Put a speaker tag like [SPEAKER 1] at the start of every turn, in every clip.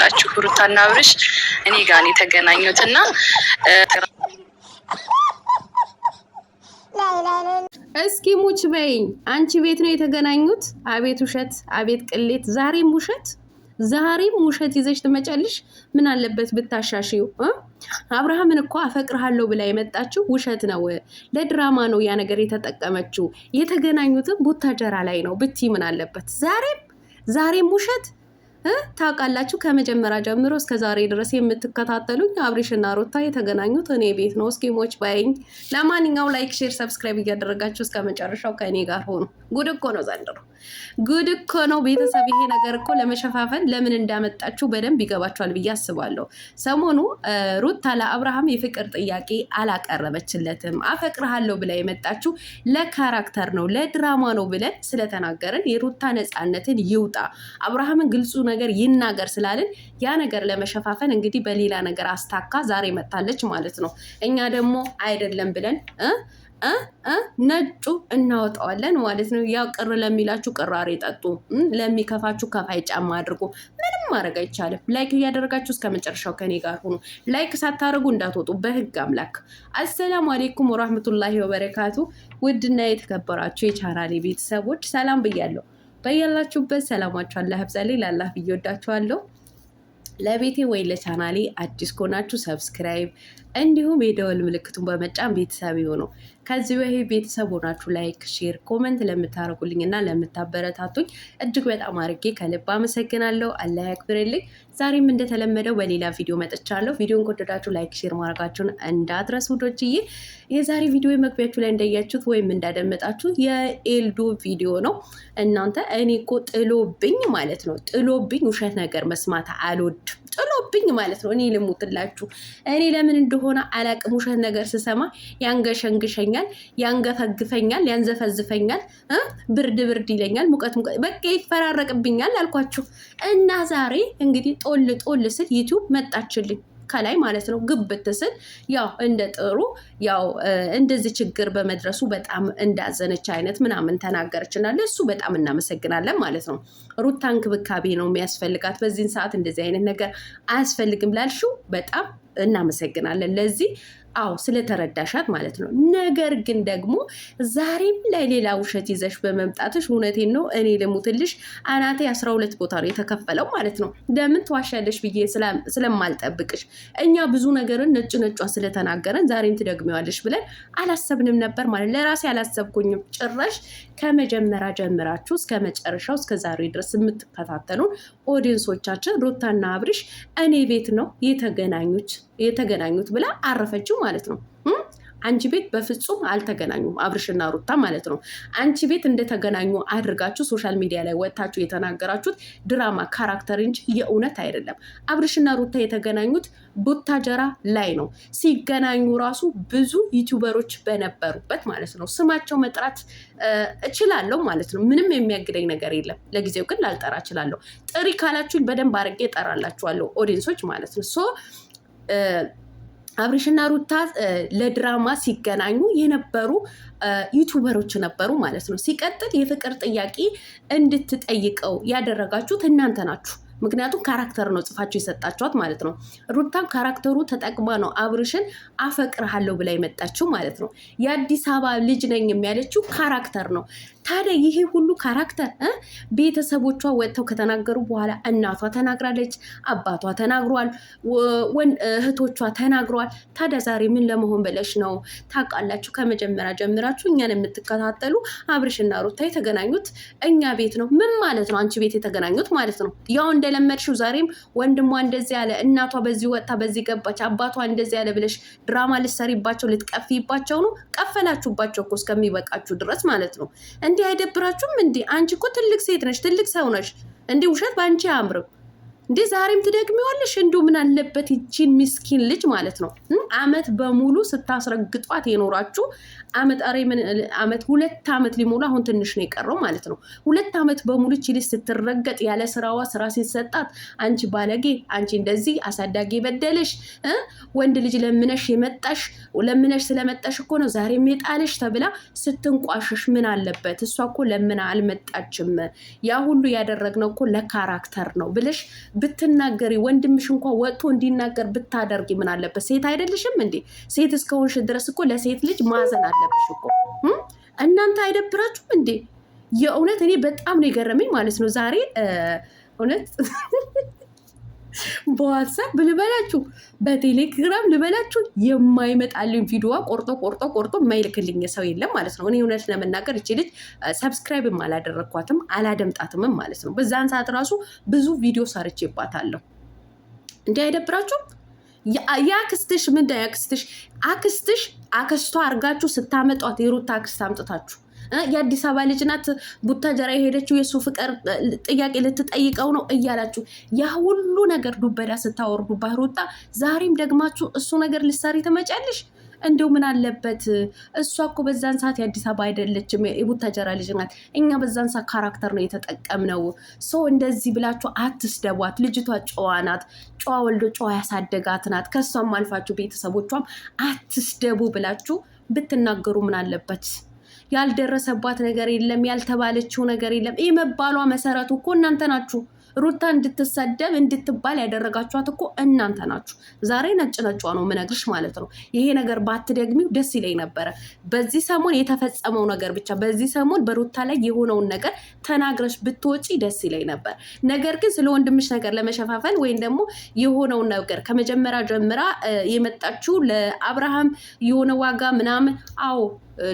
[SPEAKER 1] ታውቃላችሁ። ሩታና አብርሽ እኔ ጋር ነው የተገናኙት እና እስኪ ሙች በይኝ አንቺ ቤት ነው የተገናኙት? አቤት ውሸት፣ አቤት ቅሌት! ዛሬም ውሸት፣ ዛሬም ውሸት ይዘሽ ትመጫልሽ ምን አለበት ብታሻሽው? አብርሃምን እኮ አፈቅርሃለሁ ብላ የመጣችው ውሸት ነው፣ ለድራማ ነው ያ ነገር የተጠቀመችው። የተገናኙትም ቡታጀራ ላይ ነው ብቲ ምን አለበት? ዛሬም ዛሬም ውሸት ታውቃላችሁ ከመጀመሪያ ጀምሮ እስከ ዛሬ ድረስ የምትከታተሉኝ አብሪሽና ሩታ የተገናኙት እኔ ቤት ነው። እስኪሞች ባይኝ። ለማንኛው ላይክ፣ ሼር፣ ሰብስክራይብ እያደረጋችሁ እስከ መጨረሻው ከእኔ ጋር ሆኑ። ጉድ እኮ ነው ዘንድሮ፣ ጉድ እኮ ነው ቤተሰብ። ይሄ ነገር እኮ ለመሸፋፈን ለምን እንዳመጣችሁ በደንብ ይገባችኋል ብዬ አስባለሁ። ሰሞኑ ሩታ ለአብርሃም የፍቅር ጥያቄ አላቀረበችለትም። አፈቅርሃለሁ ብላ የመጣችሁ ለካራክተር ነው ለድራማ ነው ብለን ስለተናገርን የሩታ ነፃነትን ይውጣ አብርሃምን ግልጹ ነው ነገር ይናገር ስላልን ያ ነገር ለመሸፋፈን እንግዲህ በሌላ ነገር አስታካ ዛሬ መጣለች ማለት ነው። እኛ ደግሞ አይደለም ብለን ነጩ እናወጣዋለን ማለት ነው። ያው ቅር ለሚላችሁ ቅራሬ ጠጡ፣ ለሚከፋችሁ ከፋይ ጫማ አድርጎ ምንም ማድረግ አይቻልም። ላይክ እያደረጋችሁ እስከ መጨረሻው ከኔ ጋር ሆኑ። ላይክ ሳታደርጉ እንዳትወጡ በህግ አምላክ። አሰላሙ አሌይኩም ወራህመቱላሂ ወበረካቱ። ውድና የተከበራችሁ የቻናሌ ቤተሰቦች ሰላም ብያለሁ። በያላችሁበት ሰላማችሁ አለ ብዛልኝ። ላላህ ብዬ ወዳችኋለሁ። ለቤቴ ወይ ለቻናሌ አዲስ ከሆናችሁ ሰብስክራይብ እንዲሁም የደወል ምልክቱን በመጫን ቤተሰብ የሆነው ከዚህ በፊት ቤተሰብ ሆናችሁ ላይክ፣ ሼር፣ ኮመንት ለምታደርጉልኝ እና ለምታበረታቱኝ እጅግ በጣም አድርጌ ከልብ አመሰግናለሁ። አላህ ያክብርልኝ። ዛሬም እንደተለመደው በሌላ ቪዲዮ መጥቻለሁ። ቪዲዮን ከወደዳችሁ ላይክ፣ ሼር ማድረጋችሁን እንዳትረሱ ውዶችዬ። የዛሬ ቪዲዮ መግቢያችሁ ላይ እንዳያችሁት ወይም እንዳደመጣችሁ የኤልዱ ቪዲዮ ነው። እናንተ እኔ እኮ ጥሎብኝ ማለት ነው ጥሎብኝ ውሸት ነገር መስማት አልወድም ጥሎብኝ ማለት ነው። እኔ ልሙትላችሁ እኔ ለምን እንደሆነ አላቅም ውሸት ነገር ስሰማ ያንገሸንግሸኝ ይለኛል፣ ያንገፈግፈኛል፣ ያንዘፈዝፈኛል፣ ብርድ ብርድ ይለኛል፣ ሙቀት ሙቀት በቃ ይፈራረቅብኛል አልኳችሁ እና ዛሬ እንግዲህ ጦል ጦል ስል ዩቲዩብ መጣችልኝ ከላይ ማለት ነው ግብት ስል ያው እንደ ጥሩ ያው እንደዚህ ችግር በመድረሱ በጣም እንዳዘነች አይነት ምናምን ተናገረች እና ለእሱ በጣም እናመሰግናለን ማለት ነው። ሩታ እንክብካቤ ነው የሚያስፈልጋት በዚህን ሰዓት እንደዚህ አይነት ነገር አያስፈልግም ላልሽው በጣም እናመሰግናለን ለዚህ አዎ ስለተረዳሻት ማለት ነው። ነገር ግን ደግሞ ዛሬም ላይ ሌላ ውሸት ይዘሽ በመምጣትሽ እውነቴን ነው እኔ ልሙትልሽ አናቴ አስራ ሁለት ቦታ ነው የተከፈለው ማለት ነው። ለምን ትዋሻለሽ ብዬ ስለማልጠብቅሽ እኛ ብዙ ነገርን ነጭ ነጯ ስለተናገረን ዛሬም ትደግሚዋለሽ ብለን አላሰብንም ነበር ማለት ለራሴ አላሰብኩኝም። ጭራሽ ከመጀመሪያ ጀምራችሁ እስከ መጨረሻው እስከ ዛሬ ድረስ የምትከታተሉን ኦዲየንሶቻችን ሩታና አብርሽ እኔ ቤት ነው የተገናኙት የተገናኙት ብላ አረፈችው ማለት ነው። አንቺ ቤት በፍጹም አልተገናኙም፣ አብርሽና ሩታ ማለት ነው። አንቺ ቤት እንደተገናኙ አድርጋችሁ ሶሻል ሚዲያ ላይ ወጥታችሁ የተናገራችሁት ድራማ ካራክተር እንጂ የእውነት አይደለም። አብርሽና ሩታ የተገናኙት ቡታጀራ ላይ ነው። ሲገናኙ ራሱ ብዙ ዩቱበሮች በነበሩበት ማለት ነው። ስማቸው መጥራት እችላለሁ ማለት ነው። ምንም የሚያግደኝ ነገር የለም። ለጊዜው ግን ላልጠራ እችላለሁ። ጥሪ ካላችሁኝ በደንብ አድርጌ እጠራላችኋለሁ ኦዲንሶች ማለት ነው። አብሪሽና ሩታ ለድራማ ሲገናኙ የነበሩ ዩቱበሮች ነበሩ ማለት ነው። ሲቀጥል የፍቅር ጥያቄ እንድትጠይቀው ያደረጋችሁት እናንተ ናችሁ። ምክንያቱም ካራክተር ነው ጽፋቸው የሰጣቸዋት ማለት ነው። ሩታም ካራክተሩ ተጠቅማ ነው አብርሽን አፈቅርሃለሁ ብላ የመጣችው ማለት ነው። የአዲስ አበባ ልጅ ነኝ የሚያለችው ካራክተር ነው። ታዲያ ይሄ ሁሉ ካራክተር ቤተሰቦቿ ወጥተው ከተናገሩ በኋላ እናቷ ተናግራለች፣ አባቷ ተናግሯል፣ እህቶቿ ተናግሯል። ታዲያ ዛሬ ምን ለመሆን ብለሽ ነው? ታውቃላችሁ ከመጀመሪያ ጀምራችሁ እኛን የምትከታተሉ አብርሽና ሩታ የተገናኙት እኛ ቤት ነው። ምን ማለት ነው? አንቺ ቤት የተገናኙት ማለት ነው ያው እንደ የለመድሽው ዛሬም ወንድሟ እንደዚህ ያለ እናቷ በዚህ ወጥታ በዚህ ገባች አባቷ እንደዚህ ያለ ብለሽ ድራማ ልትሰሪባቸው ልትቀፊባቸው ነው። ቀፈላችሁባቸው እኮ እስከሚበቃችሁ ድረስ ማለት ነው። እንዲህ አይደብራችሁም? እንዲህ አንቺ እኮ ትልቅ ሴት ነሽ፣ ትልቅ ሰው ነሽ። እንዲህ ውሸት በአንቺ አያምርም። እንዴ ዛሬም ትደግሚዋለሽ? እንዶ ምን አለበት ይቺን ምስኪን ልጅ ማለት ነው። አመት በሙሉ ስታስረግጧት የኖራችሁ አመት ኧረ ምን አመት ሁለት አመት ሊሞላ አሁን ትንሽ ነው የቀረው ማለት ነው። ሁለት አመት በሙሉ ይቺ ልጅ ስትረገጥ ያለ ስራዋ ስራ ሲሰጣት፣ አንቺ ባለጌ፣ አንቺ እንደዚህ አሳዳጊ የበደለሽ ወንድ ልጅ ለምነሽ የመጣሽ ለምነሽ ስለመጣሽ እኮ ነው ዛሬም የጣለሽ ተብላ ስትንቋሸሽ ምን አለበት እሷ እኮ ለምና አልመጣችም ያ ሁሉ ያደረግነው እኮ ለካራክተር ነው ብለሽ ብትናገሪ ወንድምሽ እንኳ ወጥቶ እንዲናገር ብታደርጊ ምን አለበት? ሴት አይደለሽም እንዴ? ሴት እስከሆንሽ ድረስ እኮ ለሴት ልጅ ማዘን አለብሽ እኮ። እናንተ አይደብራችሁም እንዴ? የእውነት እኔ በጣም ነው የገረመኝ ማለት ነው ዛሬ እውነት በዋትሳፕ ልበላችሁ፣ በቴሌግራም ልበላችሁ የማይመጣልኝ ቪዲዮ ቆርጦ ቆርጦ ቆርጦ የማይልክልኝ ሰው የለም ማለት ነው። እኔ እውነት ለመናገር እቺ ልጅ ሰብስክራይብም አላደረግኳትም አላደምጣትምም ማለት ነው። በዛን ሰዓት ራሱ ብዙ ቪዲዮ ሰርቼባታለሁ። እንዲህ አይደብራችሁም? የአክስትሽ ምንድን ነው? አክስትሽ አክስትሽ አክስቷ አድርጋችሁ ስታመጧት የሩታ አክስት አምጥታችሁ የአዲስ አበባ ልጅ ናት ቡታጀራ የሄደችው የእሱ ፍቅር ጥያቄ ልትጠይቀው ነው እያላችሁ ያ ሁሉ ነገር ዱበዳ ስታወርዱ ሩታ ዛሬም ደግማችሁ እሱ ነገር ልሳሪ ትመጫለሽ። እንደው ምን አለበት? እሷ እኮ በዛን ሰዓት የአዲስ አበባ አይደለችም፣ የቡታጀራ ልጅ ናት። እኛ በዛን ሰዓት ካራክተር ነው የተጠቀምነው። ሰው እንደዚህ ብላችሁ አትስደቧት። ልጅቷ ጨዋ ናት። ጨዋ ወልዶ ጨዋ ያሳደጋት ናት። ከእሷም አልፋችሁ ቤተሰቦቿም አትስደቡ ብላችሁ ብትናገሩ ምን አለበት? ያልደረሰባት ነገር የለም፣ ያልተባለችው ነገር የለም። ይህ መባሏ መሰረቱ እኮ እናንተ ናችሁ። ሩታ እንድትሰደብ እንድትባል ያደረጋችኋት እኮ እናንተ ናችሁ። ዛሬ ነጭ ነጯ ነው ምነግርሽ ማለት ነው። ይሄ ነገር ባትደግሚው ደስ ይለኝ ነበረ። በዚህ ሰሞን የተፈጸመው ነገር ብቻ በዚህ ሰሞን በሩታ ላይ የሆነውን ነገር ተናግረሽ ብትወጪ ደስ ይለኝ ነበር። ነገር ግን ስለ ወንድምሽ ነገር ለመሸፋፈል ወይም ደግሞ የሆነውን ነገር ከመጀመሪያ ጀምራ የመጣችው ለአብርሃም የሆነ ዋጋ ምናምን አዎ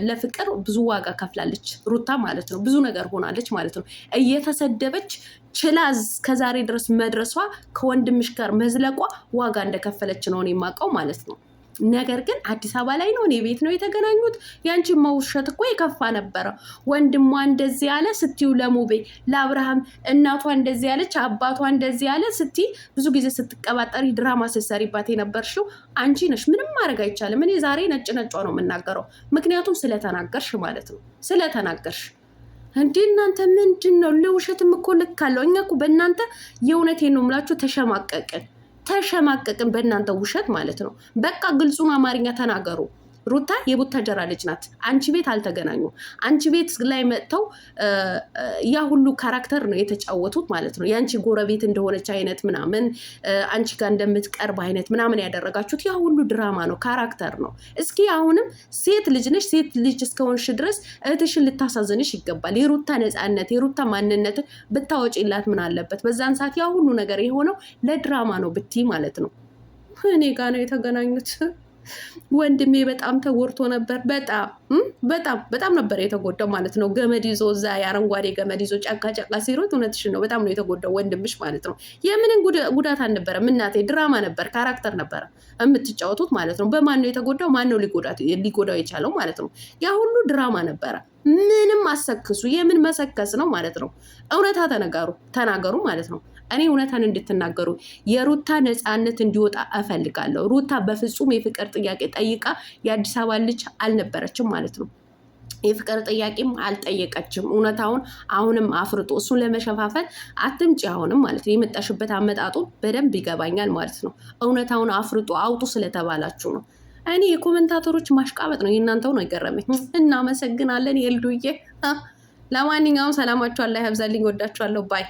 [SPEAKER 1] ለፍቅር ብዙ ዋጋ ከፍላለች ሩታ ማለት ነው። ብዙ ነገር ሆናለች ማለት ነው። እየተሰደበች ችላ ከዛሬ ድረስ መድረሷ ከወንድምሽ ጋር መዝለቋ ዋጋ እንደከፈለች ነው የማውቀው ማለት ነው። ነገር ግን አዲስ አበባ ላይ ነው እኔ ቤት ነው የተገናኙት። ያንቺ መውሸት እኮ የከፋ ነበረ። ወንድሟ እንደዚህ ያለ ስትዩ ለሙቤ ለአብርሃም እናቷ እንደዚህ ያለች አባቷ እንደዚህ ያለ ስቲ ብዙ ጊዜ ስትቀባጠሪ ድራማ ስትሰሪባት የነበርሽው አንቺ ነሽ። ምንም ማድረግ አይቻልም። እኔ ዛሬ ነጭ ነጫ ነው የምናገረው፣ ምክንያቱም ስለተናገርሽ ማለት ነው ስለተናገርሽ እንዴ እናንተ ምንድን ነው ለውሸትም እኮ ልክ አለው። እኛ እኮ በእናንተ የእውነቴን ነው የምላችሁ ተሸማቀቅን። ተሸማቀቅን በእናንተ ውሸት ማለት ነው። በቃ ግልጹን አማርኛ ተናገሩ። ሩታ የቡታጀራ ልጅ ናት። አንቺ ቤት አልተገናኙ። አንቺ ቤት ላይ መጥተው ያ ሁሉ ካራክተር ነው የተጫወቱት ማለት ነው። የአንቺ ጎረቤት እንደሆነች አይነት ምናምን አንቺ ጋር እንደምትቀርብ አይነት ምናምን ያደረጋችሁት ያ ሁሉ ድራማ ነው፣ ካራክተር ነው። እስኪ አሁንም ሴት ልጅ ነሽ። ሴት ልጅ እስከሆንሽ ድረስ እህትሽን ልታሳዝንሽ ይገባል። የሩታ ነፃነት፣ የሩታ ማንነት ብታወጪላት ምን አለበት? በዛን ሰዓት ያ ሁሉ ነገር የሆነው ለድራማ ነው ብቲ ማለት ነው። እኔ ጋ ነው የተገናኙት። ወንድሜ በጣም ተጎድቶ ነበር። በጣም በጣም በጣም ነበር የተጎዳው ማለት ነው። ገመድ ይዞ እዛ የአረንጓዴ ገመድ ይዞ ጫካ ጫካ ሲሮት፣ እውነትሽን ነው። በጣም ነው የተጎዳው ወንድምሽ ማለት ነው። የምንም ጉዳት አልነበረም እናቴ። ድራማ ነበር፣ ካራክተር ነበረ የምትጫወቱት ማለት ነው። በማን ነው የተጎዳው? ማን ነው ሊጎዳው የቻለው ማለት ነው። ያ ሁሉ ድራማ ነበረ። ምንም አሰክሱ የምን መሰከስ ነው ማለት ነው። እውነታ ተነጋሩ ተናገሩ ማለት ነው። እኔ እውነታን እንድትናገሩ የሩታ ነፃነት እንዲወጣ እፈልጋለሁ። ሩታ በፍጹም የፍቅር ጥያቄ ጠይቃ የአዲስ አበባ ልጅ አልነበረችም ማለት ነው። የፍቅር ጥያቄም አልጠየቀችም። እውነታውን አሁንም አፍርጦ እሱን ለመሸፋፈን አትምጪ አሁንም ማለት ነው። የመጣሽበት አመጣጡ በደንብ ይገባኛል ማለት ነው። እውነታውን አፍርጦ አውጡ ስለተባላችሁ ነው። እኔ የኮመንታተሮች ማሽቃበጥ ነው የእናንተው ነው የገረመኝ። እናመሰግናለን የልዱዬ። ለማንኛውም ሰላማችኋን ላይ ሀብዛልኝ ወዳችኋለሁ ባይ